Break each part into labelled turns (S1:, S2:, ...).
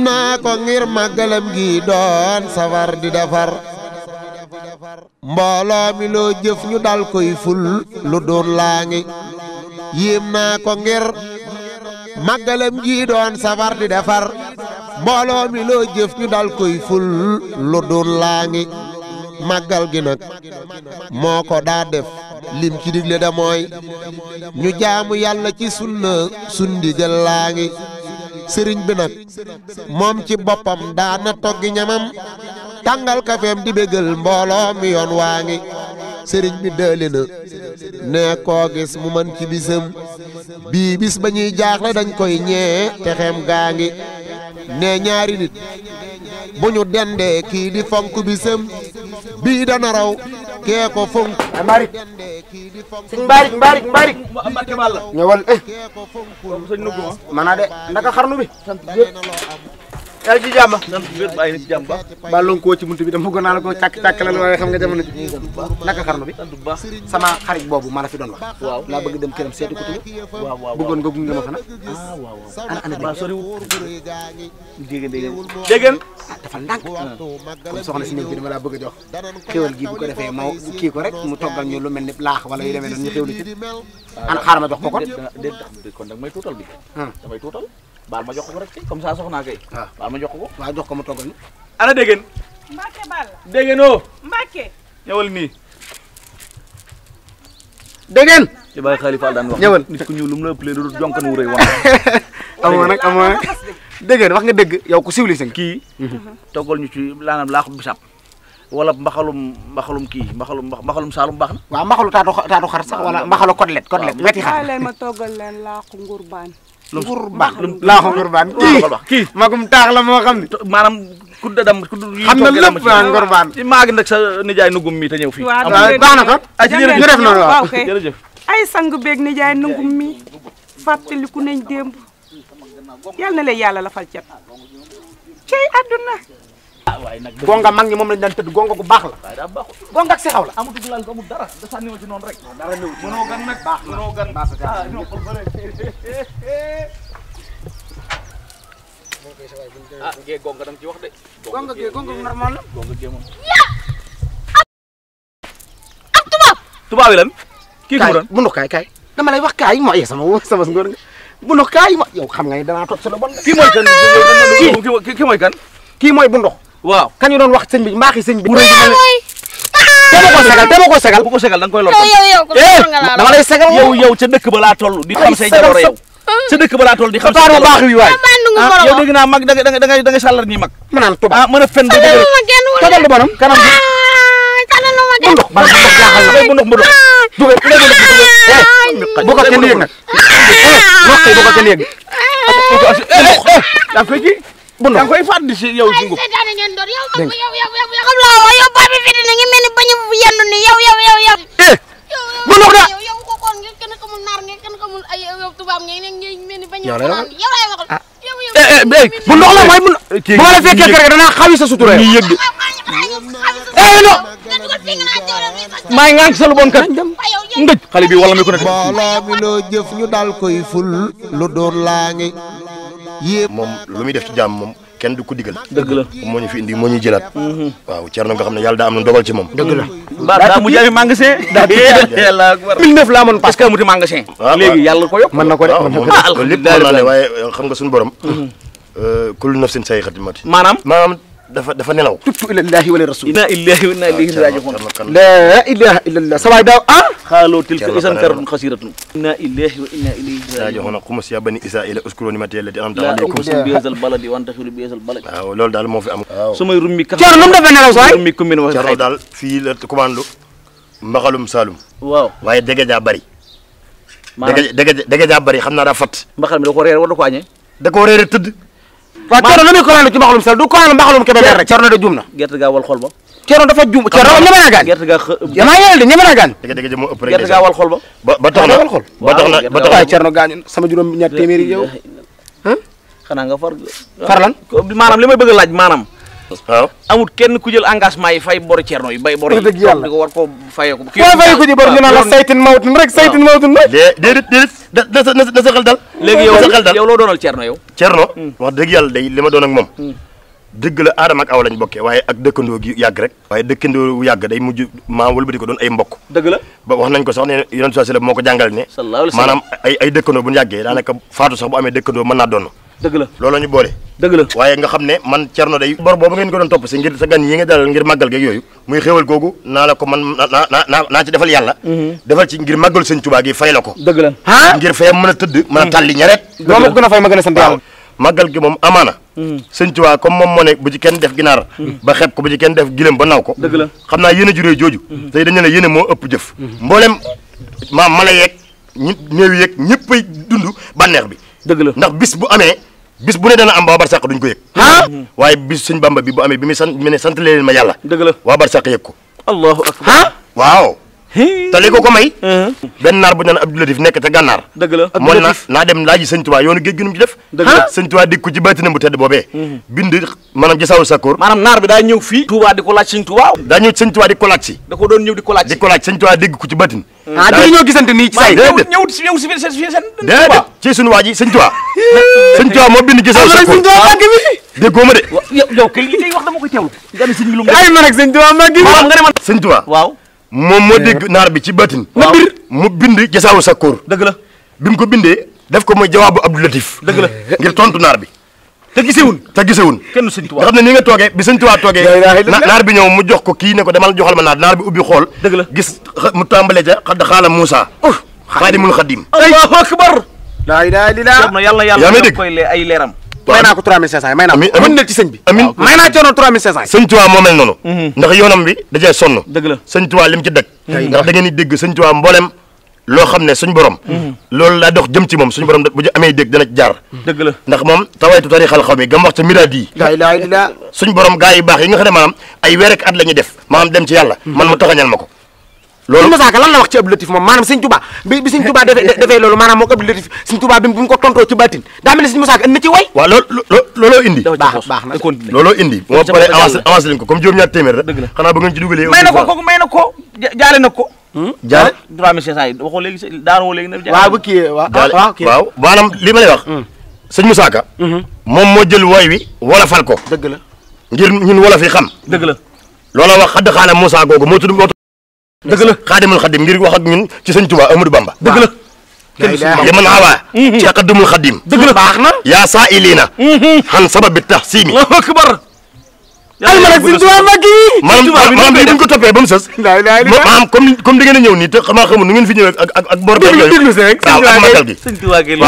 S1: naa ngir màggalam gi doon safar di defar mbooloo mi loo jëf ñu dal koy ful lu doon ko ngir màggalam gi doon safar di defar mbooloo mi dal koy lu doon laa ngi màggal gi nag moo ko daa def lim ci digle da ñu jaamu yàlla ci sunna sun digal sëriñ bi nag moom ci boppam daana toggi ñamam tàngal kafeem di bégal mbooloo mi yoon waa ngi sëriñ bi dëli na nee koo gis mu mën ci bisam bii bis bañuy ñuy jaaxle dañ koy ñee te xem gaa ngi nee ñaari nit bu ñu dendee kii di fonk bisam bii dana raw kee ko fonk
S2: sëñ mbaarik mbaarik
S1: mbaarik ñëwal eh ah. mana de ndaka xarnu bi sant
S2: yaa ngi ci jàmm. sant bi wér bàyyi na ci jàmm baax. bàlloon koo ci buntu bi dama bëggoon naa la ko càkk càkk la waaye xam nga jamono ji. naka xarnu bi. sama xarit boobu ma la fi doon wax. waaw laa bëgg dem këram seeti ko tudd. waaw waaw nga gunge ma fa nag. ah waaw waaw ana ana dégg. soriwul ah, dafa ndànk. kon soxna si néeg bi dama laa bëgg a jox. xéwal gii bu ko defee moo kii ko rek mu toggal ñu lu mel ni laax wala yu demee noonu ñu xéwlu ci. Ah. ana xaaral ma jox ko kon. déet déet kon nag may baal ma jox ko rek comme ça ah. ma jox ko. waaw jox ko ma toggal ñu. ana dégg ngeen. Mbacke Ball. dégg ngeen oo. Oh. Mbacke. ñëwal nii. daan wax. nit ku ñëw lu mu la ëppalee du jonkan wu rëy wax. amoon nag amoon nag dégg wax nga dégg yow ku civilisé nga. kii. Mhm. toggal ñu ci laanam laaxu bisab. wala mbaxalum mbaxalum kii mbaxalum mbaxalum saalum baax na. waaw mbaxalu taatu taatu xar sax wala mbaxalu côtelette côtelette weti xar. ma toggal leen laaxu ngurbaan Lourban laaxu Lourban kii kii magum taax la moo xam ne maanaam ku dadam ku xam na lépp naa Lourban ci maa ngi nag sa nijaay nugum mi te ñëw fii baax na ko ñu def noonu waaw jërëjëf ay sang beeg nijaay nugum mi fàttaliku nañ démb yal na lay yàlla la fal cat cey àdduna ah nag gonga mag ñi moom lañu daan tëdd gonga gu baax la. waaye daa baaxul gonga ak sexaw amatu laal ko amul dara da sànni ma ci noonu rek. dara néew mënoo gan gonga dama wax de. gonga gee gonga normal la. gonga gee moom. ak tubaab. tubaab yi kii ku mu doon bundu kaay kaay. dama lay wax kaay ma sama sama ngóor nga bundu kaay ma yow xam nga ni danaa toog la bon. kii mooy kan kii mooy kan. kii mooy bu ndox waaw kañu doon wax sëñ bi mbaaxi sëñ bi. bu
S1: dama
S2: ko sagal dama ko sagal bu ko sagal da nga koy lor. yow yow eh, dama lay sagal ca dëkk ba laa toll di xam say jaloore yow. ca dëkk ba laa toll di xam say jaloore baax wi waay. yow ah, dégg naa mag da nga da nga da nga sàllar ñi mag. ma naan tuba ah, a fen. tobal kenn yëg nag. bu kenn yëg. daa bu ndox da nga koy fàttali si yow si ngub seetaane ngeen doon yow yow yow yow yow xam laa yow baa bi fii dina ngi mel ni bañ a yendu ni yow yow yow yow eh bu ndox da yow ko koon nga kenn xamul naar nga kenn xamul ay yow tubaab nga ngeen ngi mel ni bañ yow lay waxal ah. yow yow eh eh bu ndox la mooy bu
S1: ma la fekkee kër ga danaa xawi sa sutura yow yëg eh no maa ngi ngank sa lu bon kat
S2: ndëj xale bi wala mi ko nekk bala
S1: mi loo jëf ñu daal koy ful lu doon laa ngi yëpp moom lu muy def ci jàmm moom
S3: kenn du ko digal. dëgg la moo ñu fi indi moo ñuy jëlaat. Mhm. waaw Thierno nga xam ne yàlla daa am lu dogal ci moom. dëgg la mbaa daa mujj ami magasin. daa mujj yàlla ak laa mën parce que amuti magasin. Ah, waaw léegi
S2: yàlla ko yokk mën na ko de ah, mën na ko de lépp mën naa ne waaye
S3: euh, xam nga suñu borom. Mhm. Euh, kullu nafsin ma maanaam maanaam. dafa dafa nelaw. tubtu ila llahi wala rasul. inna illahi wa inna ilayhi raji'un.
S2: la ilaha illa allah sa waay daaw ah. xaaloo tilka isan karatun
S3: xasiratun. inna illahi wa inna ilayhi raji'un. xumus ya bani isa ila uskuruni mati allati an'amta alaykum. laa uqsimu bi hadhal baladi wa anta bi hadhal baladi. waaw loolu daal moo fi am. waaw su may rummi. Thierno nu mu defee nelaw saay rummi commune wax. Thierno daal fii la commando mbaxalum Saloum. waaw waaye dégg jaa bari. maanaam dégg dégg jaa bari xam naa daa fat. mbaxal mi da ko réer wala da ko añee. da ko réer tëdd waaw Thierno lu muy commandé ci mbaxalum sel du commandé mbaxalum Kébémer rek Thierno de juum na gerte gaa wal xol ba Thierno dafa juum Thierno ñeme naa gaan gerte gaa damaa yéene de ñeme naa gaan dëgg dëgg moo ëpp rek gerte gaa wal xol ba ba ba tax na wal xol ba tax na ba tax na Thierno gaañu sama juróom ñaar téeméeri yow xanaa nga far far lan maanaam
S2: li may bëgg laaj maanaam waaw kenn ku jël engagement yi fay bor Cerno yi bay bor yi dëgg di ko war koo fayee ko kii bor ñu naan la
S3: saytin mawtin rek saytin mawtin rek déedéet déedéet da sa da sa dal léegi yow loo doonal Cerno yow Cerno hmm. wax dëgg yàlla day li ma doon ak moom hmm. dëgg la aadama ak aw lañ bokkee waaye ak dëkkandoo gi yàgg rek waaye dëkkandoo wu yàgg day mujj maa wëlbati ko doon ay mbokk dëgg la ba wax nañ ko sax ne yonent sallallahu alayhi wasallam moo ko jàngal ne maanaam ay ay bu ñu yàggee daanaka faatu sax bu amee dëkkandoo mën naa doon dëgg la loolu ñu boole dëgg la waaye nga xam ne man Cerno day bor boobu ngeen ko doon topp si ngir sa gan yi nga dalal ngir màggal geeg yooyu muy xéewal googu naa la ko man naa naa ci defal yàlla mm-hmm. defal ci ngir màggal sëñ Tuubaa gi fay la ko dëgg la ah! ngir fayam mën a tëdd mën a mm-hmm. tàlli ñaret loo ma ko gën a fay ma a sant yàlla màggal gi moom amaana mm-hmm. sëñ Tuubaa comme moom moo ne bu ci kenn def ginaar ba xeeb ko bu ci kenn def gilem ba naw ko dëgg la xam naa yéen a juree jooju tey dañu ne yéen moo ëpp jëf mboolem mala yeeg ñi néew yeeg ñëppay dund bànneex bi dëgg la ndax bis bu amee bis bu ne dana am waa barsàq duñ ko yëg waaye bis suñ bamba bi bu amee bi muy sant mi ne sant leen ma yàlla dëgg la waa barsàq yëg ko allahu akbar waaw te li ko ko may. Uh-huh. benn naar bu ñu naan Abdou Latif nekk te gànnaar. dëgg la mooy naa naa dem laaji sëñ Tuubaa yoonu géej gi nu mu ci def. dëgg la sëñ Tuubaa dégg ko ci baatinam bu tedd boobee. Uh-huh. bind maanaam jasawul sakkoor. maanaam naar bi daa ñëw fii. Tuubaa di laaj sëñ Tuubaa. daa laaj si. da ko doon ñëw di ko laaj si baatin. Uh-huh. ah dëgg ñoo gisante nii ci say. déedéet ñëw ñëw si seen moo bind jasawul ah, sakkoor déggoo ma de. ay man ak sëñ Tuubaa maa ngi. waaw nga ne man moom moo dégg naar bi ci batin na bir mu bind jasaawu sakkoor dëgg la bi mu ko bindee def ko mooy jawaabu Abdou Latif dëgg la ngir tontu naar bi te gisewul te gisewul kenn sëñ Tuubaa xam ne ni nga toogee bi sëñ Tuubaa toogee naar bi ñëw mu jox ko kii ne ko demal joxal ma naar naar bi ubbi xool dëgg la gis mu tàmbalee ca xadd xaala Moussa uh, xaadimul xadim allahu akbar laa ilaaha illallaah yàlla yàlla koy ay leeram may naa ko 3500 may naa ko mën na ci sëñ bi amiin may naa coono 3500 sëñ Tuubaa moo mel noonu mhm. ndax yoonam bi dajee sonn dëgg la ci dëkk ndax da ngeen di dégg loo xam ne suñ borom mhm. loolu laa dox jëm ci moom suñ borom bu amee dégg dana jaar dëgg la ndax moom tawaytu tarixal xaw mi gam wax ca miraad yi suñ borom gaa yi baax yi nga xam ne maanaam ay weer ak at la def maanaam dem ci yàlla mhm. man ma taxañal ma ko loolu Moussa Ka lan la wax ci Abdou Latif moom maanaam sëñ bi bi sëñ Touba defee defee loolu Latif sëñ Touba bi mu ko tontoo ci baatin daa mel ne sëñ Moussa Ka indi na ci way waaw loolu indi looloo indi moo pare avancé avancé lañ ko comme juróom-ñaar téeméer rek ci dugalee may na ko kooku may
S2: na ko jaale na ko hmm? ah, jaale trois mille cinq na waaw bu
S3: kii waaw ah, waaw hmm. hmm. moom moo jël way wi wolofal ko la ngir ñun wolof yi xam dëgg la loola wax xadd xaana Moussa googu moo tudd dëgg la xaadimul xadim ngir wax ak ñun ci sëñ Tuubaa Amadou Bamba dëgg la
S1: li man
S3: ci xaadimul xadim dëgg la baax na yaa saa akbar almanak sëñ Tuubaa mag yi maanaam maanaam lii bu ñu ko toppee ba mu a ñëw nii te ngeen fi ñëwee ak ak ak bor nu mu sëñ Tuubaa li mu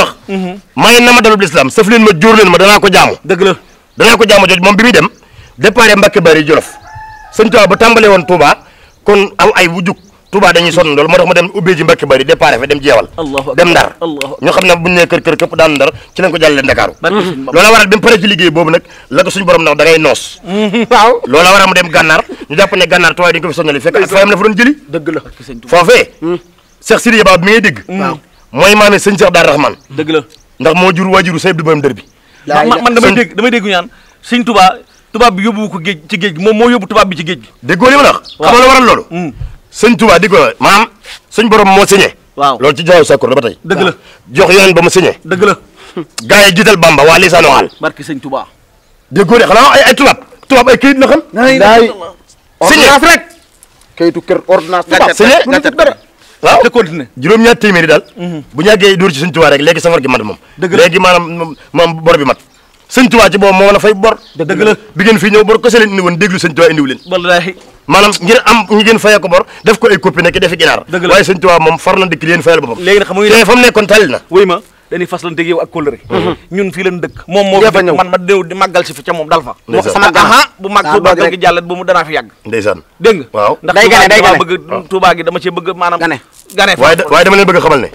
S3: wax may na ma dalub lislaam sëf leen ma jóor leen ma danaa ko jaamu dëgg la dañoo ko jaamu jooju moom bi muy dem départ Mbacke Bari Jolof sëñ Tuubaa ba tàmbale woon Touba kon am ay wujug Touba dañuy sonn loolu moo tax mu dem ubbee ji Mbacke Bari départ fa dem jeewal dem Ndar ñoo xam na buñu nee kër kër këpp daanu Ndar ci lañ ko jàllale Ndakaaru loola waral bi mu paree ci liggéey boobu nag la ko suñu borom ndax da ngay noos waaw loola waral mu dem gànnaar ñu jàpp ne gànnaar tubaab dañu ko fi sonal fekk ak fayam la fa doon jëli dëgg la foofee hmm. Cheikh Sidiya Ba bi ngay dégg dëgg la ndax moo jur waajuru Seydi Abdou Borom Dër bi man man damay dégg damay dégg ñu naan tuba Tuubaa tubaab bi yóbbu ko géej ci géej gi moom moo yóbbu tubaab bi ci géej gi déggoo li ma la wax xam la waral loolu hmm. sëñ Tuubaa di ko maanaam sëñ borom moo signé waaw loolu ci jaw sakkoor ba tey dëgg la jox yeneen ba mu signé dëgg la gars yi jiital Bamba waa lisaanu xaal barki sëñ Tuubaa déggoo de xanaa ay ay tubaab na xam daay kayitu kër ordonnance tubaab signé dara waaw te continué juróom-ñaar téeméeri daal mhm. bu ñu àggee dóor ci sëñ Tuubaa rek léegi mat moom léegi maanaam moom bor bi mat sëñ Tuubaa ci boobu moo mën a fay bor dëgg la bi ngeen fii ñëw bor kese leen indi woon déglu sëñ Tuubaa indiw leen ngir am ñi ngeen fayee bor def ko ay copie nekk defi ginaar waaye sëñ Tuubaa far na dikk leen fayal boppam léegi xam nga
S2: te dañuy faslante yow ak kóllëre mhm. ñun fii lañ dëkk moom moo fi man ma déw si fi ca moom dal fa sama aha bu màgg gi jàllat bu mu danaa fi yàgg
S3: day gane day gane
S2: bëgg Touba gi dama cee bëgg maanaam gane waaye dama leen bëgg xamal ne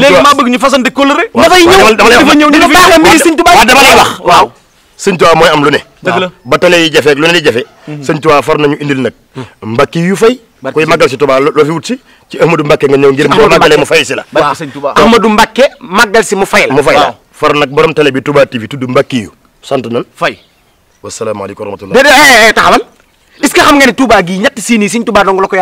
S2: léegi maa bëgg ñu fasante kóllëre dafay ñëw dafa ñëw ni baaxee mbiri
S3: Sëñ mooy am lu ne dëgg la ba tale yi jafe ak lu ne di jafe mhm. Sëñ Touba far nañu indil nag mhm. mbakki yu fay koy màggal si Touba loo fi wut si ci Amadou Mbacke nga ñëw ngir boo màggalee mu fay si la
S2: waaw Amadou
S3: Mbacke màggal si mu fay la mu fay la far nag borom télé bi Touba TV tudd Mbacke yu sant nan fay wasalaamaaleykum wa rahmatulah déedéet eh, eh, taxawal es que xam nga ne Touba gii ñetti siin yi Sëñ Touba dong la ko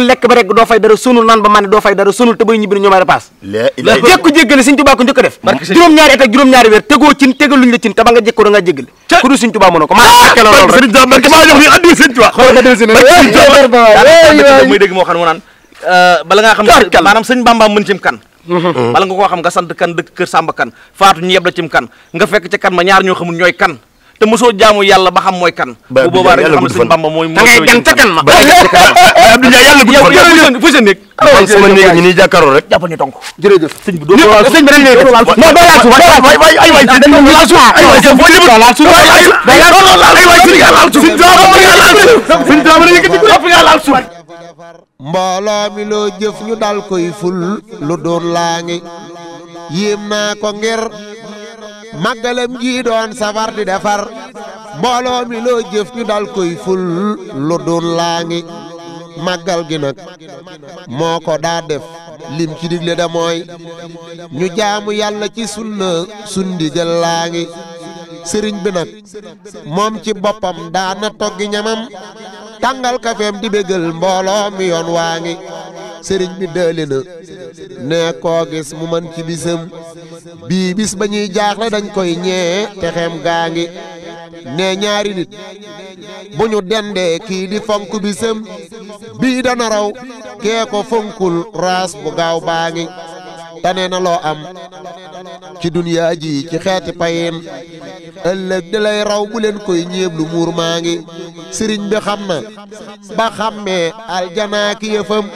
S3: lekk ba rek doo fay dara sonul naan ba mane doo fay dara sonul te ñibbi ñoo may repaas jekku a def juróom-ñaari at ak juróom-ñaari weer tegoo cin tegaluñ la cin te nga jékko da nga jéggale ku dul Sëñ Touba mënoo ko maa fekke loolu
S2: rek maa mu naan euh, bala nga xam ne maanaam Sëñ Bamba mën cim kan mm-hmm. bala nga koo xam nga sant kan dëkk kër Samba kan faatu ñeeb la cim kan nga te mosoo jaamu yàlla ba xam mooy kan. bu boobaa rek nga xam ne sëñ Bamba mooy. da ngay dem ca kan ma. Abdou Ndiaye yàlla gudd fan. yow yow fu sa nekk. man sama néeg ñu nii jàkkaaroo rek. jàppal ni donc jërëjëf. sëñ bi doo ko laal sëñ bi dañ lay def. non doo laal suuf ay waay ay waay dañ lay laal suuf ay waay boo limu laal suuf ay waay
S1: ay waay sëñ nga laal suuf sëñ Tuubaa nga laal suuf sëñ Tuubaa nga yëkkati lépp nga laal suuf. mbooloo mi loo jëf ñu dal koy ful lu doon laa ngi yéem naa ko ngir màggalam gii doon safar di defar mbooloo mi loo jëf ñu dal koy ful lu dul laa ngi màggal gi nag moo ko daa def lim ci digle da ñu jaamu yàlla ci sunna sun digal laa ngi sëriñ bi nag moom ci boppam daana toggi ñamam tàngal kafeem di bégal mbooloo mi yoon waa ngi sëriñ bi dëli na ne koo gis mu man ci bisam bii bis ba ñuy jaaxle dañ koy ñee texem gaa ngi ne ñaari nit bu ñu dendee kii di fonk bisam bii dana raw kee ko fonkul raas bu gaaw baa ngi tane na loo am ci dunyaa ji ci xeeti payin ëllëg di lay raw bu leen koy ñeeblu muur maa ngi sëriñ bi xam na ba xàmmee aljanaa ki yëfam